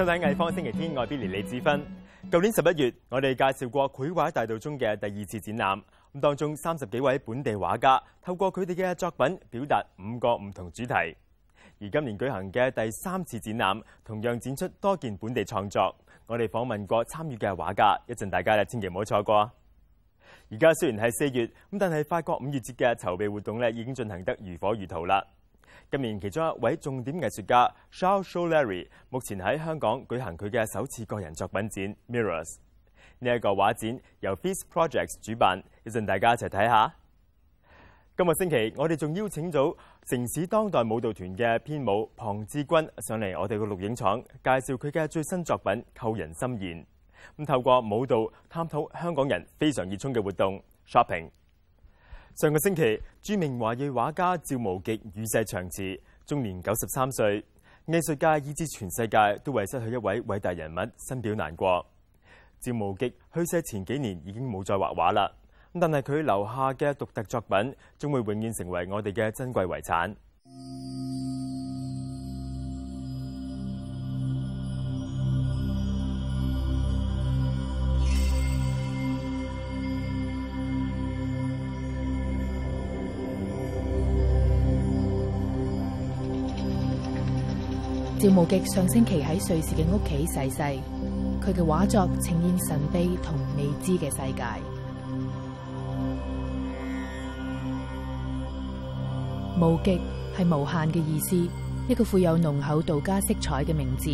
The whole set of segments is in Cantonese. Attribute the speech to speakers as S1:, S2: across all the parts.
S1: 收睇藝坊星期天外邊連李智芬。舊年十一月，我哋介紹過繪畫大道中嘅第二次展覽，咁當中三十幾位本地畫家透過佢哋嘅作品表達五個唔同主題。而今年舉行嘅第三次展覽，同樣展出多件本地創作。我哋訪問過參與嘅畫家，一陣大家咧，千祈唔好錯過。而家雖然係四月，咁但係法國五月節嘅籌備活動咧，已經進行得如火如荼啦。今年其中一位重點藝術家 Shao Shou Larry，目前喺香港舉行佢嘅首次個人作品展 Mirrors。呢一個畫展由 Fifth Projects 主辦，一陣大家一齊睇下。今個星期我哋仲邀請咗城市當代舞蹈團嘅編舞龐志軍上嚟我哋嘅錄影廠，介紹佢嘅最新作品《扣人心弦》。咁透過舞蹈探討香港人非常熱衷嘅活動 Shopping。上個星期，著名華裔畫家趙無極與世長辭，終年九十三歲。藝術界以至全世界都為失去一位偉大人物深表難過。趙無極去世前幾年已經冇再畫畫啦，但係佢留下嘅獨特作品，將會永遠成為我哋嘅珍貴遺產。
S2: 無極上星期喺瑞士嘅屋企逝世，佢嘅畫作呈現神秘同未知嘅世界。無極係無限嘅意思，一個富有濃厚道家色彩嘅名字。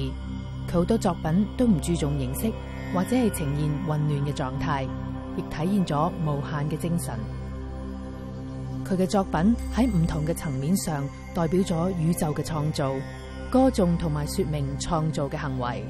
S2: 佢好多作品都唔注重形式，或者係呈現混亂嘅狀態，亦體現咗無限嘅精神。佢嘅作品喺唔同嘅層面上代表咗宇宙嘅創造。歌頌同埋說明創造嘅行為。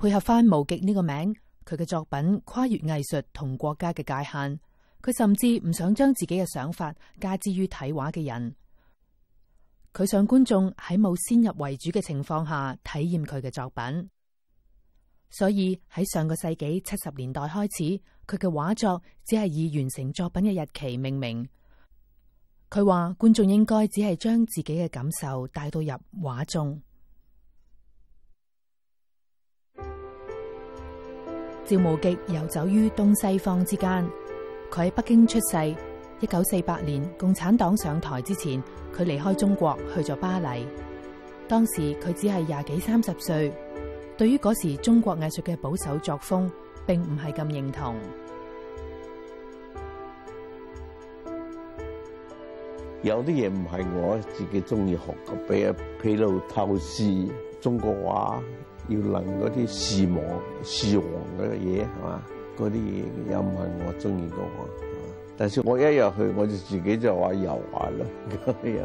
S2: 配合翻無極呢個名，佢嘅作品跨越藝術同國家嘅界限。佢甚至唔想將自己嘅想法加之於睇畫嘅人，佢想觀眾喺冇先入為主嘅情況下體驗佢嘅作品。所以喺上個世紀七十年代開始，佢嘅畫作只係以完成作品嘅日期命名。佢話觀眾應該只係將自己嘅感受帶到入畫中。趙無極游走於東西方之間，佢喺北京出世，一九四八年共產黨上台之前，佢離開中國去咗巴黎。當時佢只係廿幾三十歲，對於嗰時中國藝術嘅保守作風，並唔係咁認同。
S3: 有啲嘢唔係我自己中意學嘅，比如披露透視、中國畫。要能嗰啲仕望仕望嗰嘢係嘛？嗰啲嘢又唔係我中意嗰個。但是我一入去我就自己就話油畫啦咁樣。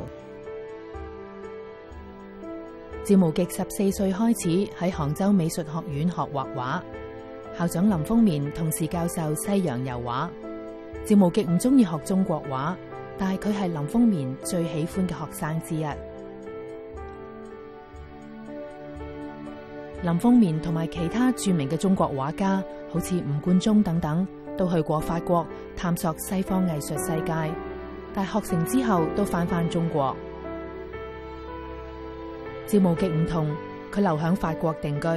S2: 趙無極十四歲開始喺杭州美術學院學畫畫，校長林風眠同時教授西洋油畫。趙無極唔中意學中國畫，但係佢係林風眠最喜歡嘅學生之一。林風眠同埋其他著名嘅中國畫家，好似吳冠中等等，都去過法國探索西方藝術世界。但學成之後都返翻中國。趙無極唔同，佢留響法國定居。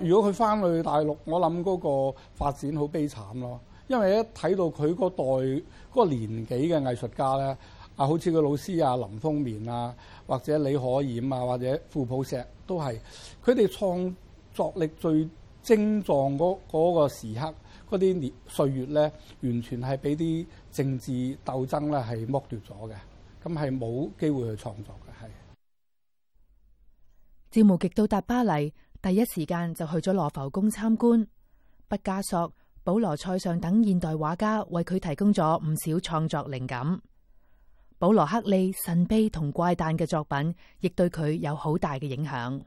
S4: 如果佢翻去大陸，我諗嗰個發展好悲慘咯，因為一睇到佢嗰代嗰個年紀嘅藝術家咧。啊，好似個老師啊，林風眠啊，或者李可染啊，或者傅抱石都係，佢哋創作力最精壯嗰嗰個時刻，嗰啲年歲月咧，完全係俾啲政治鬥爭咧係剝奪咗嘅，咁係冇機會去創作嘅。係。
S2: 趙無極到達巴黎，第一時間就去咗羅浮宮參觀，畢加索、保羅·塞尚等現代畫家為佢提供咗唔少創作靈感。保羅·克利神秘同怪誕嘅作品，亦對佢有好大嘅影響。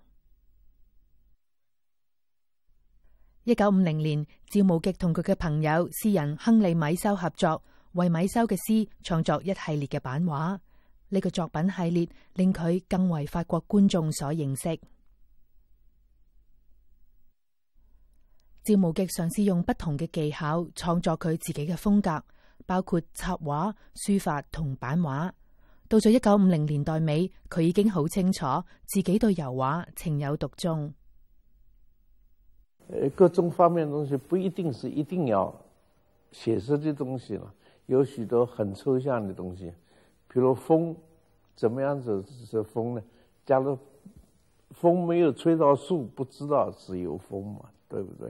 S2: 一九五零年，趙無極同佢嘅朋友詩人亨利·米修合作，為米修嘅詩創作一系列嘅版畫。呢個作品系列令佢更為法國觀眾所認識。趙無極嘗試用不同嘅技巧創作佢自己嘅風格。包括插畫、書法同版畫。到咗一九五零年代尾，佢已經好清楚自己對油畫情有獨鍾。
S3: 誒，各種方面東西不一定是一定要寫實的東西啦，有許多很抽象的東西，譬如風，怎麼樣子是風呢？假如風沒有吹到樹，不知道是有風嘛，對不對？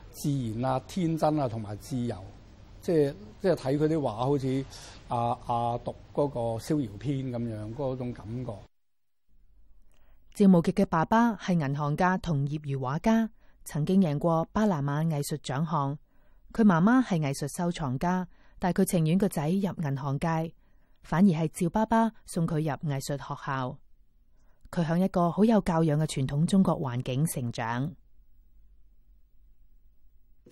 S4: 自然啊，天真啊，同埋自由，即係即係睇佢啲畫，好似阿阿讀嗰個逍遙篇咁樣嗰種感覺。
S2: 趙無極嘅爸爸係銀行家同業餘畫家，曾經贏過巴拿馬藝術獎項。佢媽媽係藝術收藏家，但佢情願個仔入銀行界，反而係趙爸爸送佢入藝術學校。佢向一個好有教養嘅傳統中國環境成長。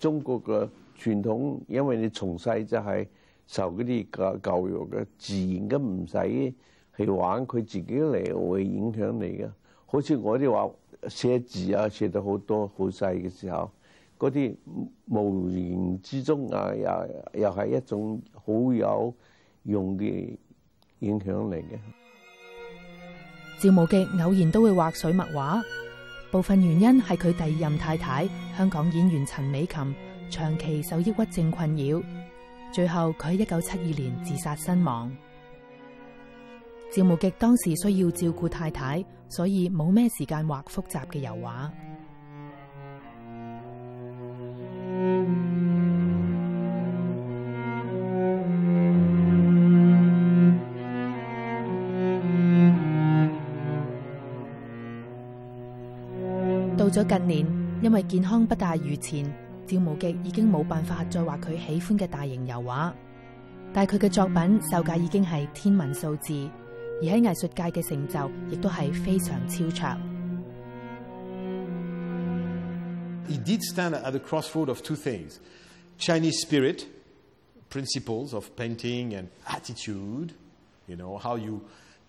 S3: 中國嘅傳統，因為你從細就係受嗰啲教教育嘅，自然咁唔使去玩，佢自己嚟會影響你嘅。好似我啲話寫字啊，寫到好多好細嘅時候，嗰啲無形之中啊，又又係一種好有用嘅影響嚟嘅。
S2: 趙無極偶然都會畫水墨畫。部分原因係佢第二任太太，香港演員陳美琴長期受抑鬱症困擾，最後佢喺一九七二年自殺身亡。趙無極當時需要照顧太太，所以冇咩時間畫複雜嘅油畫。咗近年，因為健康不大如前，趙無極已經冇辦法再畫佢喜歡嘅大型油畫。但佢嘅作品售價已經係天文數字，而喺藝術界嘅成就亦都係非常超
S5: 卓。He did stand at the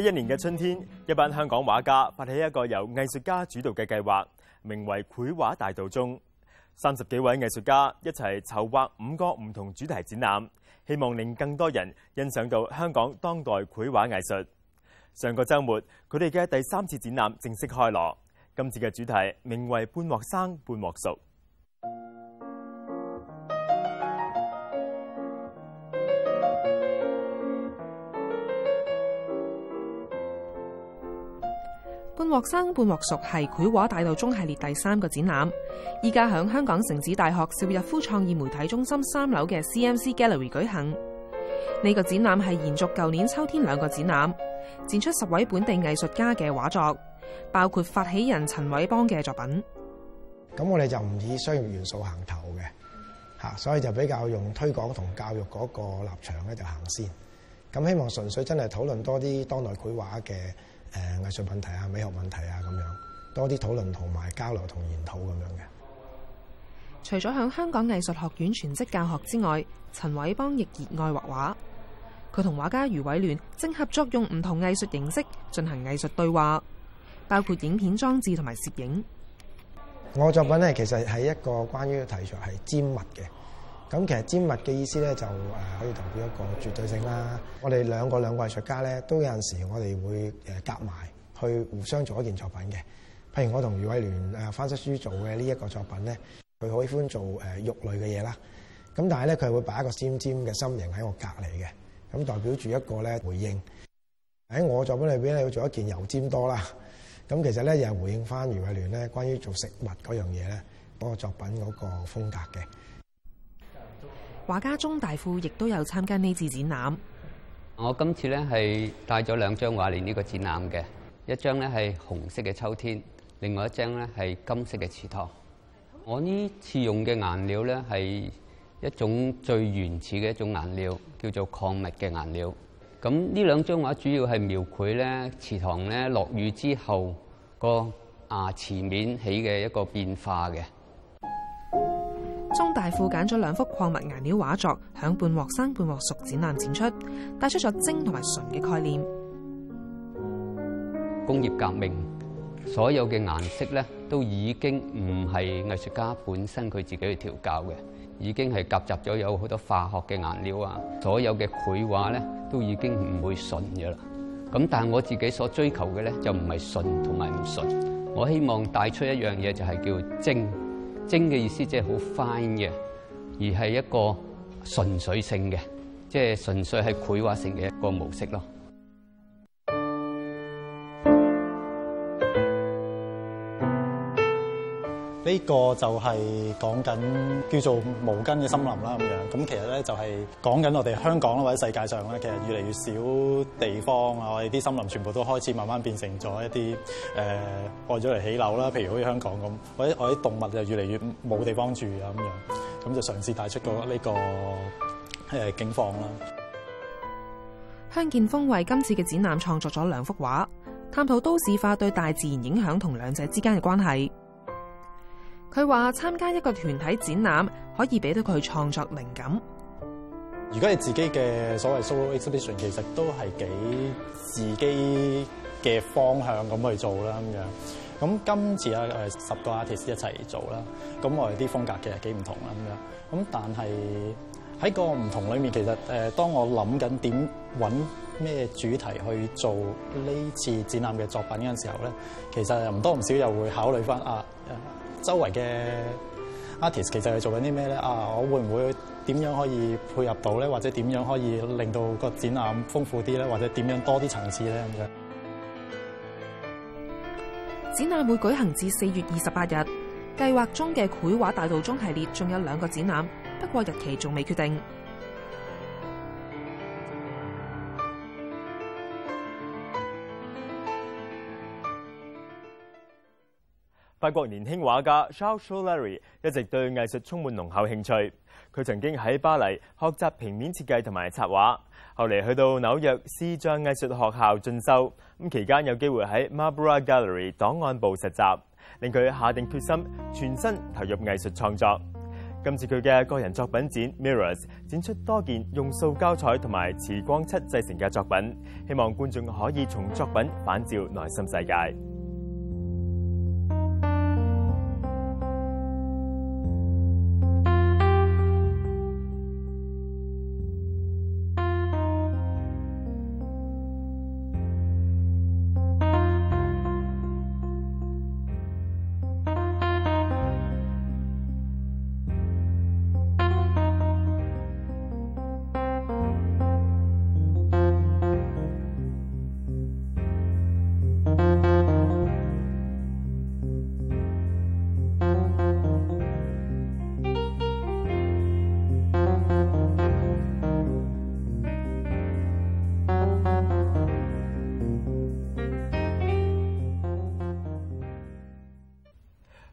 S1: 一一年嘅春天，一班香港畫家發起一個由藝術家主導嘅計劃，名為《繪畫大道中》，三十幾位藝術家一齊籌劃五個唔同主題展覽，希望令更多人欣賞到香港當代繪畫藝術。上個周末，佢哋嘅第三次展覽正式開鑼，今次嘅主題名為《半鑊生半鑊熟》。
S6: 半鑊生半鑊熟係繪畫大道中系列第三個展覽，依家響香港城市大學邵逸夫創意媒體中心三樓嘅 C M C Gallery 舉行。呢、這個展覽係延續舊年秋天兩個展覽，展出十位本地藝術家嘅畫作，包括發起人陳偉邦嘅作品。
S7: 咁我哋就唔以商業元素行頭嘅，吓所以就比較用推廣同教育嗰個立場咧，就先行先。咁希望純粹真係討論多啲當代繪畫嘅。誒，藝術問題啊，美學問題啊，咁樣多啲討論同埋交流同研討咁樣嘅。
S6: 除咗喺香港藝術學院全職教學之外，陳偉邦亦熱愛畫畫。佢同畫家余偉聯正合作用唔同藝術形式進行藝術對話，包括影片裝置同埋攝影。
S7: 我嘅作品咧，其實係一個關於題材係尖密嘅。咁其實尖物嘅意思咧，就誒可以代表一個絕對性啦。我哋兩個兩個藝術家咧，都有陣時我哋會誒夾埋去互相做一件作品嘅。譬如我同余偉聯誒翻側書做嘅呢一個作品咧，佢好喜歡做誒、呃、肉類嘅嘢啦。咁但係咧，佢係會擺一個尖尖嘅心形喺我隔籬嘅，咁代表住一個咧回應喺我作品裏邊咧要做一件油尖多啦。咁其實咧又、係、回應翻余偉聯咧關於做食物嗰樣嘢咧嗰個作品嗰個風格嘅。
S8: 畫家鍾大富亦都有參加呢次展覽。我今次咧係帶咗兩張畫嚟呢個展覽嘅，一張咧係紅色嘅秋天，另外一張咧係金色嘅池塘。我呢次用嘅顏料咧係一種最原始嘅一種顏料，叫做礦物嘅顏料。咁呢兩張畫主要係描繪咧池塘咧落雨之後個啊池面起嘅一個變化嘅。
S6: 中大庫揀咗兩幅礦物顏料畫作，響半鑊生半鑊熟展覽展出，帶出咗精同埋純嘅概念。
S8: 工業革命所有嘅顏色咧，都已經唔係藝術家本身佢自己去調教嘅，已經係夾雜咗有好多化學嘅顏料啊。所有嘅繪畫咧，都已經唔會純嘅啦。咁但係我自己所追求嘅咧，就唔係純同埋唔純，我希望帶出一樣嘢，就係叫精。精嘅意思即係好 fine 嘅，而係一個純粹性嘅，即係純粹係繪畫性嘅一個模式咯。
S4: 呢、這個就係講緊叫做毛巾嘅森林啦，咁樣咁其實咧就係講緊我哋香港或者世界上咧，其實越嚟越少地方啊，我哋啲森林全部都開始慢慢變成咗一啲誒愛咗嚟起樓啦，譬如好似香港咁，或者我啲動物就越嚟越冇地方住啊，咁樣咁就嘗試帶出、這個呢個誒景況啦。
S6: 香、呃、建峰為今次嘅展覽創作咗兩幅畫，探討都市化對大自然影響同兩者之間嘅關係。佢話參加一個團體展覽可以俾到佢創作靈感。
S4: 如果你自己嘅所謂 solo exhibition，其實都係幾自己嘅方向咁去做啦，咁樣。咁今次啊，誒十個 artist 一齊做啦，咁我哋啲風格其實幾唔同啦，咁樣。咁但係喺個唔同裏面，其實誒，當我諗緊點揾咩主題去做呢次展覽嘅作品嗰陣時候咧，其實唔多唔少又會考慮返啊。周圍嘅 artist 其實係做緊啲咩咧？啊，我會唔會點樣可以配合到咧？或者點樣可以令到個展覽豐富啲咧？或者點樣多啲層次咧咁樣？
S6: 展覽會舉行至四月二十八日，計劃中嘅繪畫大道中系列仲有兩個展覽，不過日期仲未決定。
S1: 法國年輕畫家 Charles Lary 一直對藝術充滿濃厚興趣。佢曾經喺巴黎學習平面設計同埋插畫，後嚟去到紐約視像藝術學校進修。期間有機會喺 Marlborough Gallery 檔案部實習，令佢下定決心全身投入藝術創作。今次佢嘅個人作品展 Mirrors 展出多件用塑膠彩同埋磁光漆製成嘅作品，希望觀眾可以從作品反照內心世界。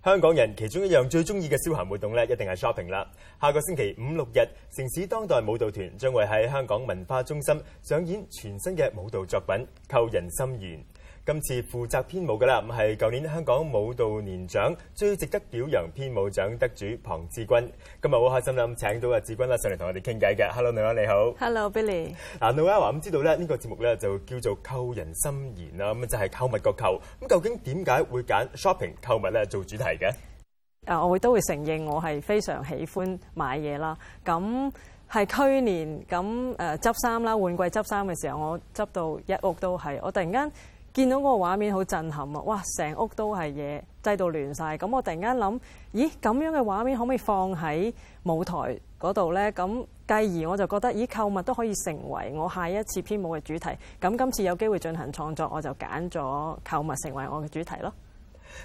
S1: 香港人其中一樣最中意嘅消閒活動呢，一定係 shopping 啦。下個星期五六日，城市當代舞蹈團將會喺香港文化中心上演全新嘅舞蹈作品《扣人心弦》。今次負責編舞嘅啦，咁係舊年香港舞蹈年獎最值得表揚編舞獎得主龐智筠。今日好開心啦！請到阿智筠啦上嚟同我哋傾偈嘅。Hello，你好。Hello，Billy。嗱，Nova，咁知道咧呢個節目咧就叫做購人心弦啦。咁就係購物個購。咁究竟點解會揀 shopping 購物咧做主題嘅？
S9: 啊，我都會承認我係非常喜歡買嘢啦。咁係去年咁誒執衫啦，換季執衫嘅時候，我執到一屋都係我突然間，見到嗰個畫面好震撼啊！哇，成屋都係嘢擠到亂晒。咁我突然間諗，咦，咁樣嘅畫面可唔可以放喺舞台嗰度呢？咁繼而我就覺得，咦，購物都可以成為我下一次編舞嘅主題。咁今次有機會進行創作，我就揀咗購物成為我嘅主題咯。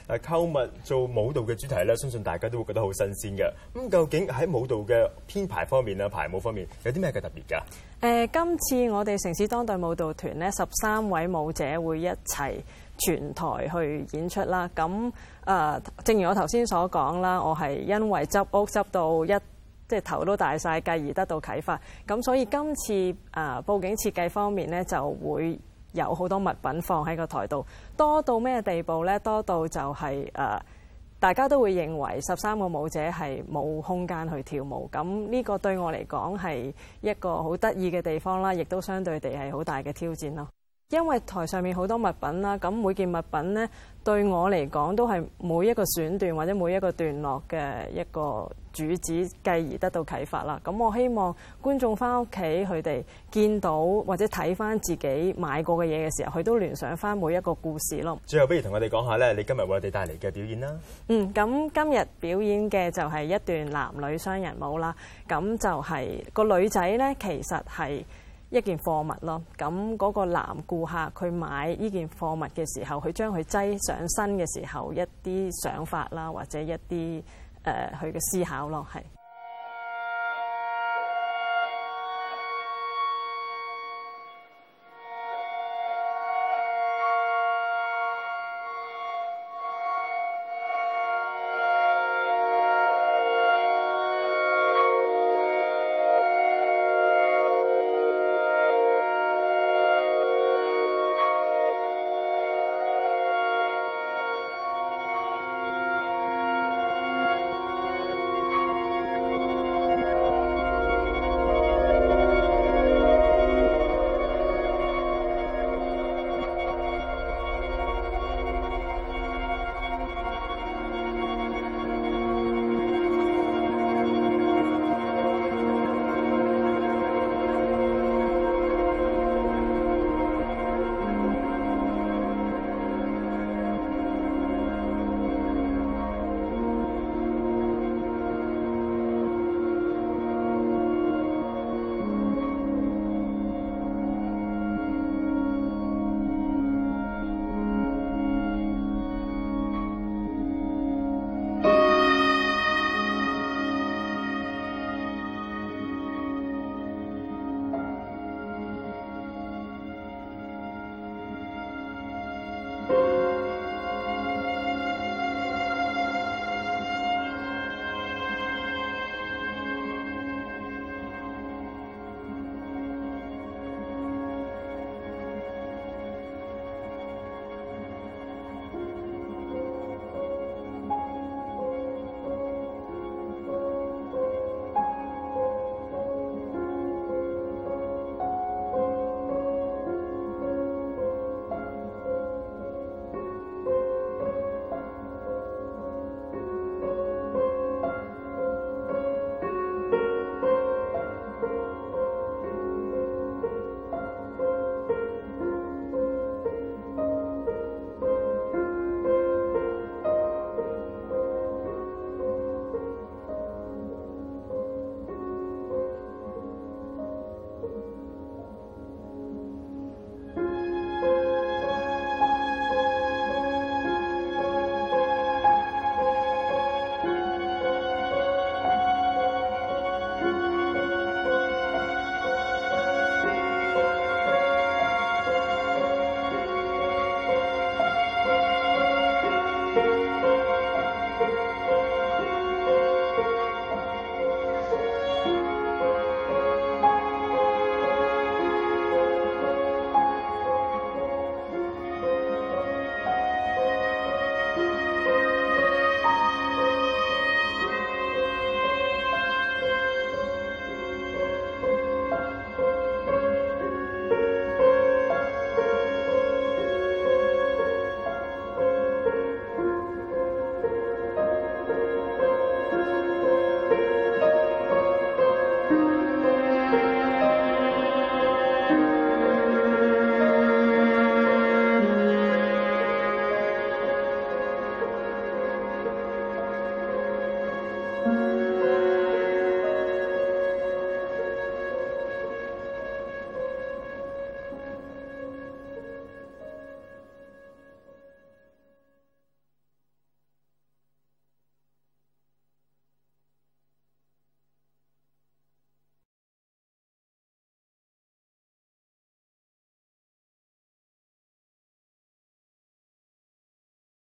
S1: 誒購物做舞蹈嘅主題咧，相信大家都會覺得好新鮮嘅。咁究竟喺舞蹈嘅編排方面啊，排舞方面有啲咩嘅特別㗎？誒、
S9: 呃，今次我哋城市當代舞蹈團呢，十三位舞者會一齊全台去演出啦。咁誒、呃，正如我頭先所講啦，我係因為執屋執到一即係、就是、頭都大晒，繼而得到啟發。咁所以今次誒佈景設計方面呢，就會。有好多物品放喺個台度，多到咩地步咧？多到就係、是、誒、呃、大家都會認為十三個舞者係冇空間去跳舞。咁呢個對我嚟講係一個好得意嘅地方啦，亦都相對地係好大嘅挑戰咯。因為台上面好多物品啦，咁每件物品呢，對我嚟講都係每一個選段或者每一個段落嘅一個主旨，繼而得到啟發啦。咁我希望觀眾翻屋企，佢哋見到或者睇翻自己買過嘅嘢嘅時候，佢都聯想翻每一個故事咯。最
S1: 後不如同我哋講下呢，你今日為我哋帶嚟嘅表演啦。
S9: 嗯，咁今日表演嘅就係一段男女雙人舞啦。咁就係個女仔呢，其實係。一件貨物咯，咁嗰個男顧客佢買呢件貨物嘅時候，佢將佢擠上身嘅時候，一啲想法啦，或者一啲誒佢嘅思考咯，係。